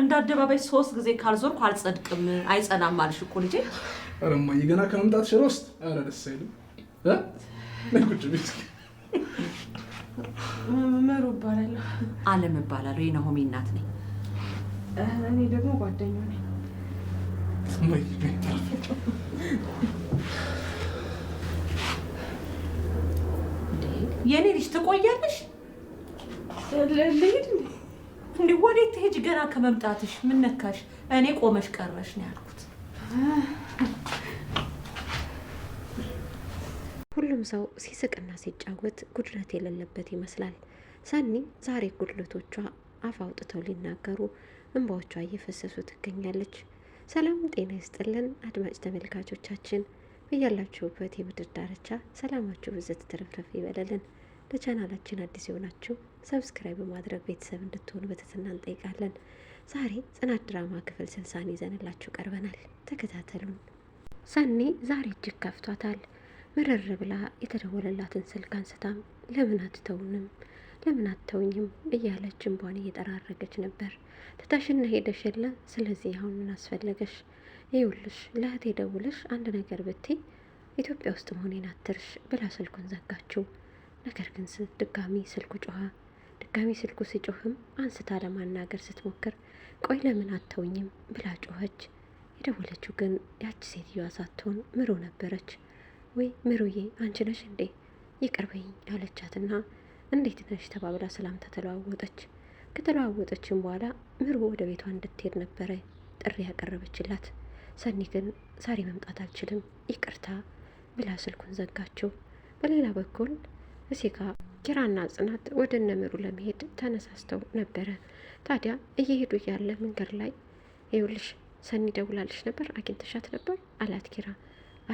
እንደ አደባባይ ሶስት ጊዜ ካልዞርኩ አልጸድቅም አይጸናም አልሽ እኮ ልጄ። ኧረ እማዬ ገና ከመምጣት ሽሮ ውስጥ ኧረ ደስ አይልም። ነጉጭ ቤት መሩ እባላለሁ። አለም እባላለሁ። የናሆሜ እናት ነኝ። እኔ ደግሞ ጓደኛ ነኝ። የእኔ ልጅ ትቆያለሽ? ልሄድ እንዲህ ወዴት ትሄጂ? ገና ከመምጣትሽ ምን ነካሽ? እኔ ቆመሽ ቀረሽ ነው ያልኩት። ሁሉም ሰው ሲስቅና ሲጫወት ጉድለት የሌለበት ይመስላል። ሰኒ ዛሬ ጉድለቶቿ አፍ አውጥተው ሊናገሩ እንባዎቿ እየፈሰሱ ትገኛለች። ሰላም ጤና ይስጥልን አድማጭ ተመልካቾቻችን እያላችሁበት የምድር ዳርቻ ሰላማችሁ ብዘት ትርፍርፍ ይበለልን። ለቻናላችን አዲስ የሆናችሁ ሰብስክራይብ በማድረግ ቤተሰብ እንድትሆኑ በትህትና እንጠይቃለን። ዛሬ ጽናት ድራማ ክፍል ስልሳን ይዘንላችሁ ቀርበናል። ተከታተሉን። ሰኔ ዛሬ እጅግ ከፍቷታል። ምርር ብላ የተደወለላትን ስልክ አንስታም ለምን አትተውንም ለምን አትተውኝም እያለች እንቧን እየጠራረገች ነበር። ትተሽና ሄደሽ የለ ስለዚህ አሁን ምን አስፈለገሽ? ይውልሽ ለእህቴ ደውልሽ አንድ ነገር ብቴ ኢትዮጵያ ውስጥ መሆኔን አትርሽ ብላ ስልኩን ዘጋችው። ነገር ግን ድጋሚ ስልኩ ጮኸ። ድጋሚ ስልኩ ሲጮህም አንስታ ለማናገር ስትሞክር ቆይ ለምን አተውኝም ብላ ጮኸች። የደወለችው ግን ያች ሴትዮዋ ሳትሆን ምሩ ነበረች። ወይ ምሩዬ አንቺ ነሽ እንዴ ይቅርበኝ ያለቻትና እንዴት ነሽ ተባብላ ሰላምታ ተለዋወጠች። ከተለዋወጠችም በኋላ ምሩ ወደ ቤቷ እንድትሄድ ነበረ ጥሪ ያቀረበችላት። ሰኒ ግን ዛሬ መምጣት አልችልም ይቅርታ ብላ ስልኩን ዘጋችው። በሌላ በኩል እሴጋ ኪራና ጽናት ወደ እነምሩ ለመሄድ ተነሳስተው ነበረ። ታዲያ እየሄዱ ያለ መንገድ ላይ ይኸውልሽ ሰኒ ደውላልሽ ነበር አግኝተሻት ነበር አላት ኪራ።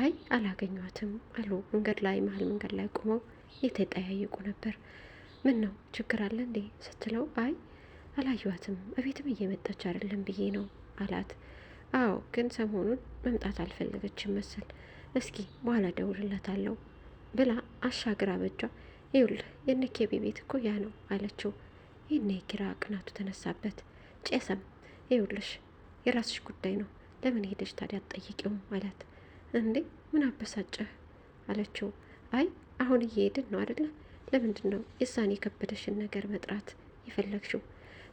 አይ አላገኘዋትም አሉ። መንገድ ላይ መሀል መንገድ ላይ ቆመው የተጠያየቁ ነበር። ምን ነው ችግር አለ እንዴ ስትለው፣ አይ አላየኋትም እቤትም እየመጣች አይደለም ብዬ ነው አላት። አዎ ግን ሰሞኑን መምጣት አልፈለገችም መሰል፣ እስኪ በኋላ ደውልላታለሁ ብላ አሻግራ በጇ ይውል የነ ኬቢ ቤት እኮ ያ ነው አለችው። ይህን የኪራ ቅናቱ ተነሳበት። ጨሰም ይውልሽ የራስሽ ጉዳይ ነው ለምን ሄደሽ ታዲያ አትጠይቂውም አላት። እንዴ ምን አበሳጨህ አለችው። አይ አሁን እየሄድን ነው አደለ? ለምንድን ነው የዛን የከበደሽን ነገር መጥራት የፈለግሽው?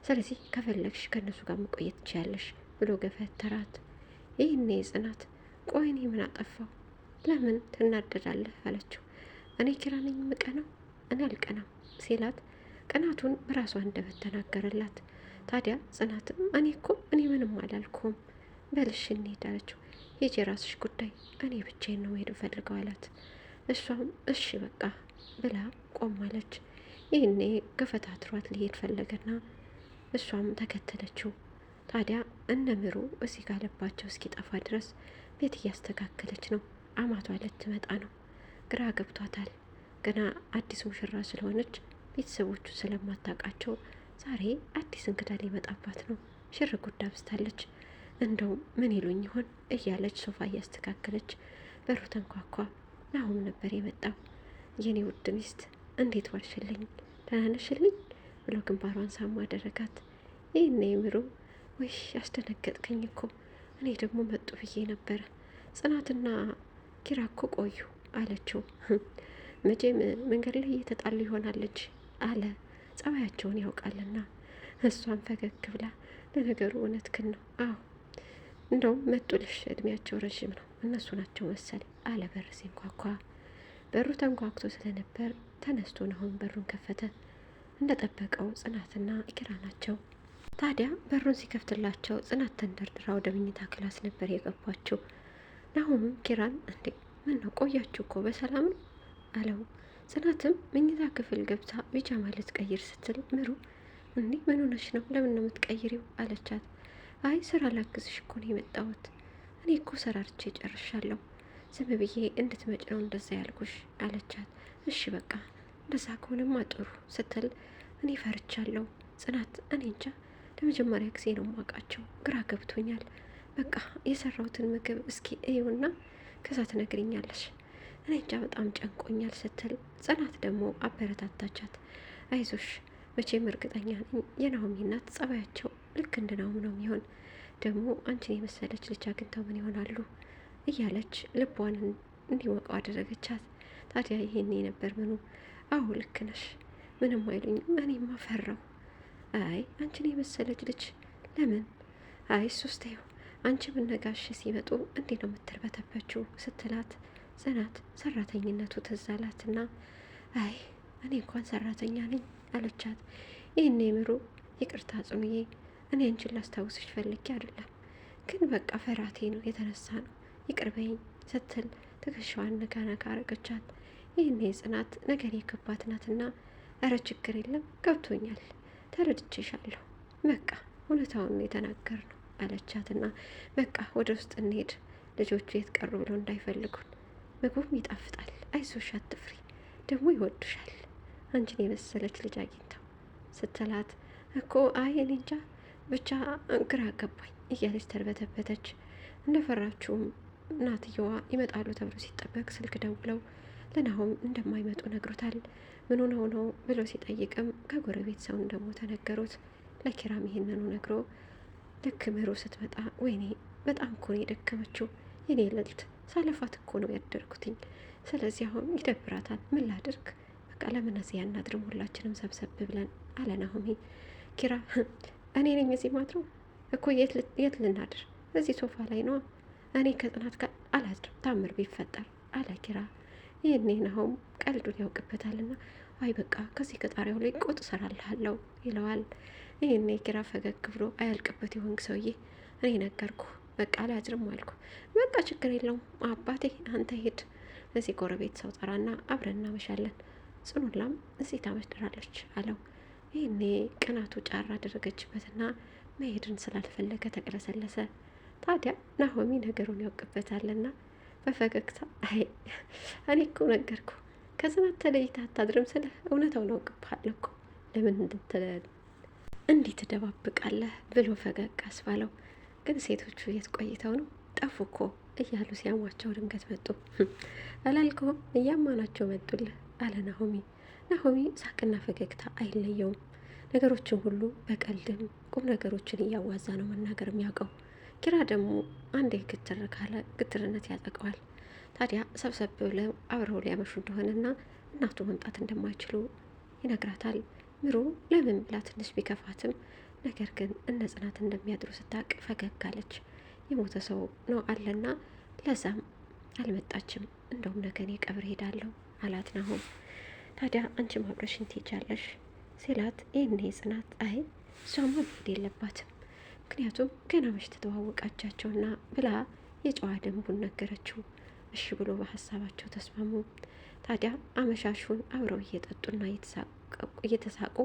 ስለዚህ ከፈለግሽ ከእነሱ ጋር መቆየት ትችያለሽ ብሎ ገፈተራት። ይህኔ ጽናት ቆይኔ እኔ ምን አጠፋው ለምን ትናደዳለህ አለችው። እኔ ኪራ ነኝ ምቀ ነው እኔ አልቀናም ሲላት ቅናቱን በራሷ አንደበት ተናገረላት። ታዲያ ጽናትም እኔ እኮ እኔ ምንም አላልኩም በልሽ እንሂድ አለችው። ሂጂ የራስሽ ጉዳይ እኔ ብቻዬን ነው መሄድ ፈልገው አላት። እሷም እሺ በቃ ብላ ቆም አለች። ይህኔ ገፈታትሯት ሊሄድ ፈለገና እሷም ተከተለችው። ታዲያ እነ ምሩ እዚህ ካለባቸው እስኪጠፋ ድረስ ቤት እያስተካከለች ነው። አማቷ ልትመጣ ነው። ግራ ገብቷታል። ገና አዲስ ሙሽራ ስለሆነች ቤተሰቦቹ ስለማታውቃቸው ዛሬ አዲስ እንግዳ ሊመጣባት ነው። ሽር ጉዳ ብስታለች። እንደው ምን ይሉኝ ይሆን እያለች ሶፋ እያስተካከለች በሩ ተንኳኳ። ናሁም ነበር የመጣው። የኔ ውድ ሚስት እንዴት ዋልሽልኝ? ደህና ነሽልኝ? ብሎ ግንባሯን ሳማ አደረጋት። ይህን የምሩ ውሽ ያስደነገጥከኝ እኮ እኔ ደግሞ መጡ ብዬ ነበረ። ጽናትና ኪራ እኮ ቆዩ አለችው። መቼም መንገድ ላይ እየተጣሉ ይሆናለች አለ። ጸባያቸውን ያውቃልና እሷም ፈገግ ብላ ለነገሩ እውነትክን ነው፣ አዎ እንደውም መጡልሽ፣ እድሜያቸው ረዥም ነው እነሱ ናቸው መሰል አለ በር ሲንኳኳ። በሩ ተንኳኩቶ ስለነበር ተነስቶ ናሆም በሩን ከፈተ። እንደጠበቀው ጽናትና ኪራ ናቸው። ታዲያ በሩን ሲከፍትላቸው ጽናት ተንደርድራ ወደ መኝታ ክላስ ነበር የገባችው። ናሆምም ኪራን እንዴ ምን ነው ቆያችሁ እኮ በሰላም ነው አለው። ጽናትም መኝታ ክፍል ገብታ ቢጃማ ልትቀይር ስትል ምሩ እንዴ ምን ሆነሽ ነው? ለምን ነው የምትቀይሪው? አለቻት። አይ ስራ ላግዝሽ እኮ ነው የመጣሁት። እኔ እኮ ሰራርቼ ጨርሻለሁ። ዝም ብዬ እንድትመጭ ነው እንደዛ ያልኩሽ አለቻት። እሺ በቃ እንደዛ ከሆነማ ጥሩ ስትል እኔ ፈርቻለሁ ጽናት፣ እኔ እንጃ ለመጀመሪያ ጊዜ ነው ማውቃቸው፣ ግራ ገብቶኛል። በቃ የሰራሁትን ምግብ እስኪ እዩና ከዛ ትነግሪኛለሽ እኔ እንጃ በጣም ጨንቆኛል ስትል ጽናት ደግሞ አበረታታቻት። አይዞሽ መቼም እርግጠኛ ነኝ የናሆሚ እናት ጸባያቸው ልክ እንደ ናሆም ነው የሚሆን። ደግሞ አንቺን የመሰለች ልጅ አግኝተው ምን ይሆናሉ እያለች ልቧን እንዲወቀው አደረገቻት። ታዲያ ይሄን የነበር ምኑ? አዎ ልክ ነሽ፣ ምንም አይሉኝም። እኔም አፈራው? አይ አንቺን የመሰለች ልጅ ለምን? አይ ሶስተው አንቺ ምነጋሽ ሲመጡ እንዴ ነው የምትርበተበችው ስትላት ጽናት ሰራተኝነቱ ትዝ አላትና አይ እኔ እንኳን ሰራተኛ ነኝ አለቻት። ይህን የምሩ ይቅርታ ጽኑዬ፣ እኔ አንቺን ላስታውስሽ ፈልጌ አይደለም፣ ግን በቃ ፈራቴ ነው የተነሳ ነው ይቅርበኝ ስትል ትከሻዋን ነጋ ነጋ አረገቻት። ይህን የጽናት ነገር የከባት ናትና እረ ችግር የለም ገብቶኛል፣ ተረድቼሻለሁ፣ በቃ እውነታውን የተናገር ነው አለቻትና በቃ ወደ ውስጥ እንሄድ ልጆቹ የት ቀሩ ብሎ እንዳይፈልጉን ምግቡም ይጣፍጣል። አይዞሽ አትፍሪ፣ ደግሞ ይወዱሻል አንቺን የመሰለች ልጅ አግኝተው ስትላት እኮ አይ እኔ እንጃ ብቻ ግራ ገባኝ እያለች ተርበተበተች። እንደፈራችውም እናትየዋ ይመጣሉ ተብሎ ሲጠበቅ ስልክ ደውለው ለናሆም እንደማይመጡ ነግሮታል። ምን ሆነው ነው ብሎ ሲጠይቅም ከጎረቤት ሰው እንደሞተ ነገሩት። ለኪራም ይህንኑ ነግሮ ልክ ምሩ ስትመጣ ወይኔ በጣም ኮን የደከመችው የኔ ልልት ሳለፋት እኮ ነው ያደርኩትኝ። ስለዚህ አሁን ይደብራታል። ምን ላድርግ? በቃ ለምን እዚህ አናድርም? ሁላችንም ሰብሰብ ብለን አለን። አሁን ኪራ እኔ ነኝ እዚህ ማድረው እኮ የት ልናድር? እዚህ ሶፋ ላይ ነዋ። እኔ ከጽናት ጋር አላድርም። ታምር ቢፈጠር አለ ኪራ። ይህኔ ናሆም ቀልዱን ያውቅበታልና አይ በቃ ከዚህ ከጣሪያው ላይ ቆጥ ሰራልሃለው ይለዋል። ይህኔ ኪራ ፈገግ ብሎ አያልቅበት የሆንክ ሰውዬ እኔ ነገርኩ በቃ አላድርም አልኩ። በቃ ችግር የለውም አባቴ አንተ ሄድ እዚህ ጎረቤት ሰው ጠራና አብረን እናመሻለን፣ ጽኑላም እዚህ ታመድራለች አለው። ይህኔ ቅናቱ ጫራ አደረገችበትና መሄድን ስላልፈለገ ተቅለሰለሰ። ታዲያ ናሆሚ ነገሩን ያውቅበታልና በፈገግታ አይ እኔ እኮ ነገርኩ ከዝናት ተለይታ አታድርም ስለ እውነታውን አውቅብሃለሁ እኮ ለምን እንዴት ደባብቃለህ ብሎ ፈገግ አስባለው። ግን ሴቶቹ የት ቆይተው ነው ጠፉ እኮ እያሉ ሲያሟቸው ድንገት መጡ። አላልከውም እያማናቸው መጡልህ አለ ናሆሚ። ናሆሚ ሳቅና ፈገግታ አይለየውም። ነገሮችን ሁሉ በቀልድም ቁም ነገሮችን እያዋዛ ነው መናገር የሚያውቀው። ኪራ ደግሞ አንዴ ግትር ካለ ግትርነት ያጠቀዋል። ታዲያ ሰብሰብ ብለው አብረው ሊያመሹ እንደሆነና እናቱ መምጣት እንደማይችሉ ይነግራታል። ምሩ ለምን ብላ ትንሽ ቢከፋትም ነገር ግን እነ ጽናት እንደሚያድሩ ስታቅ ፈገግ አለች። የሞተ ሰው ነው አለና ለዛም አልመጣችም። እንደውም ነገን የቀብር ቀብር ሄዳለሁ አላት ናሆም። ታዲያ አንቺ አብረሽኝ ትሄጃለሽ ሲላት ይህኔ ጽናት አይ እሷማ መሄድ የለባትም ምክንያቱም ገና መች ተተዋወቃቻቸውና ብላ የጨዋ ደንቡን ነገረችው። እሺ ብሎ በሀሳባቸው ተስማሙ። ታዲያ አመሻሹን አብረው እየጠጡና እየተሳቁ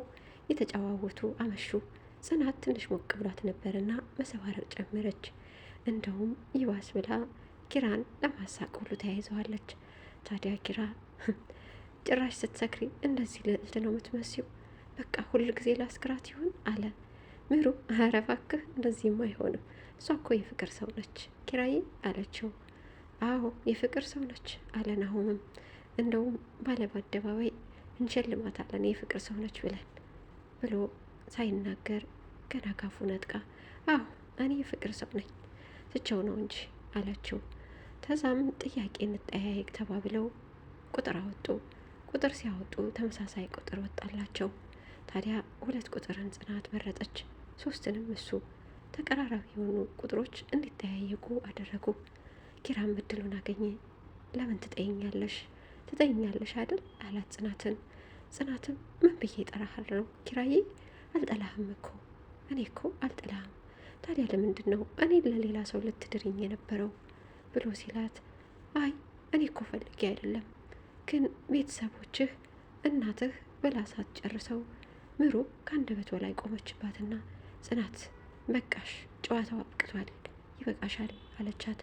እየተጫዋወቱ አመሹ። ጽናት ትንሽ ሞቅ ብሏት ነበርና መሰባረቅ ጨመረች። እንደውም ይባስ ብላ ኪራን ለማሳቅ ሁሉ ተያይዘዋለች። ታዲያ ኪራ ጭራሽ ስትሰክሪ እንደዚህ ልዕልት ነው የምትመስዩ፣ በቃ ሁል ጊዜ ላስክራት ይሆን አለ። ምሩ ኧረ እባክህ እንደዚህማ አይሆንም፣ እሷ እኮ የፍቅር ሰው ነች ኪራዬ አለችው። አዎ የፍቅር ሰው ነች አለ ናሆምም። እንደውም ባለ በአደባባይ እንሸልማታለን የፍቅር ሰው ነች ብለን ብሎ ሳይናገር ገና ካፉ ነጥቃ አዎ እኔ የፍቅር ሰው ነኝ ስቸው ነው እንጂ አለችው። ተዛም ጥያቄ እንጠያየቅ ተባብለው ቁጥር አወጡ። ቁጥር ሲያወጡ ተመሳሳይ ቁጥር ወጣላቸው። ታዲያ ሁለት ቁጥርን ጽናት መረጠች፣ ሶስትንም እሱ። ተቀራራቢ የሆኑ ቁጥሮች እንዲጠያየቁ አደረጉ። ኪራም እድሉን አገኘ። ለምን ትጠይኛለሽ ትጠይኛለሽ አይደል አላት ጽናትን። ጽናትም ምን ብዬ ጠራሃል ነው ኪራዬ አልጠላህም እኮ እኔ እኮ አልጠላህም። ታዲያ ለምንድን ነው እኔን ለሌላ ሰው ልትድርኝ የነበረው ብሎ ሲላት፣ አይ እኔ እኮ ፈልጌ አይደለም፣ ግን ቤተሰቦችህ እናትህ ብላ ሳትጨርሰው ምሩ ከአንደበቷ በላይ ቆመችባትና ጽናት በቃሽ፣ ጨዋታው አብቅቷል፣ ይበቃሻል አለቻት።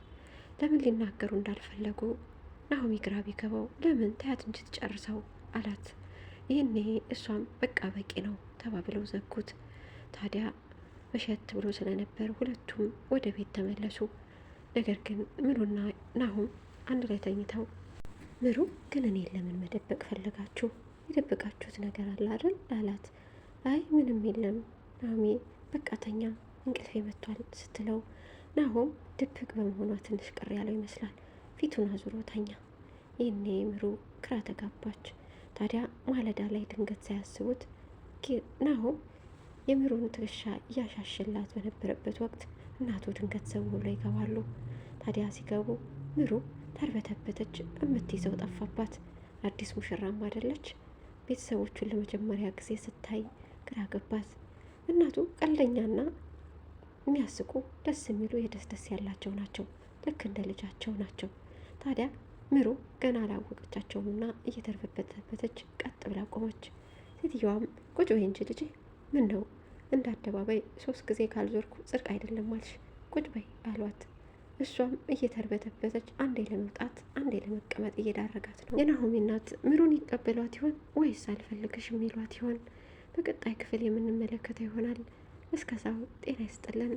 ለምን ሊናገሩ እንዳልፈለጉ ናሆሚ ግራ ቢገባው ለምን ታያት እንጂ ትጨርሰው አላት። ይህኔ እሷም በቃ በቂ ነው ተባብለው ዘጉት። ታዲያ መሸት ብሎ ስለነበር ሁለቱም ወደ ቤት ተመለሱ። ነገር ግን ምሩና ናሁም አንድ ላይ ተኝተው ምሩ ግን እኔን ለምን መደበቅ ፈለጋችሁ? የደበቃችሁት ነገር አለ አይደል አላት። አይ ምንም የለም ናሚ በቃተኛ እንቅልፌ መጥቷል ስትለው ናሆም ድብቅ በመሆኗ ትንሽ ቅር ያለው ይመስላል። ፊቱን አዙሮ ተኛ። ይህኔ ምሩ ግራ ተጋባች። ታዲያ ማለዳ ላይ ድንገት ሳያስቡት ናሆም የሚሮን ትከሻ እያሻሸላት በነበረበት ወቅት እናቱ ድንገት ሰው ብሎ ይገባሉ። ታዲያ ሲገቡ ምሩ ተርበተበተች፣ የምትይዘው ጠፋባት። አዲስ ሙሽራም አይደለች። ቤተሰቦቹን ለመጀመሪያ ጊዜ ስታይ ግራ ገባት። እናቱ ቀልደኛና የሚያስቁ ደስ የሚሉ የደስ ደስ ያላቸው ናቸው። ልክ እንደ ልጃቸው ናቸው። ታዲያ ምሩ ገና አላወቀቻቸውምና እየተርበተበተች ቀጥ ብላ ቆመች። ሴትየዋም ቁጭ በይ እንጂ ልጄ፣ ምን ነው እንደ አደባባይ ሶስት ጊዜ ካልዞርኩ ጽድቅ አይደለም አልሽ? ቁጭ በይ አሏት። እሷም እየተርበተበተች አንዴ ለመውጣት አንዴ ለመቀመጥ እየዳረጋት ነው። የናሆሚ እናት ምሩን ይቀበሏት ይሆን ወይስ አልፈልግሽ የሚሏት ይሆን? በቀጣይ ክፍል የምንመለከተው ይሆናል። እስከዛው ጤና ይስጥልን።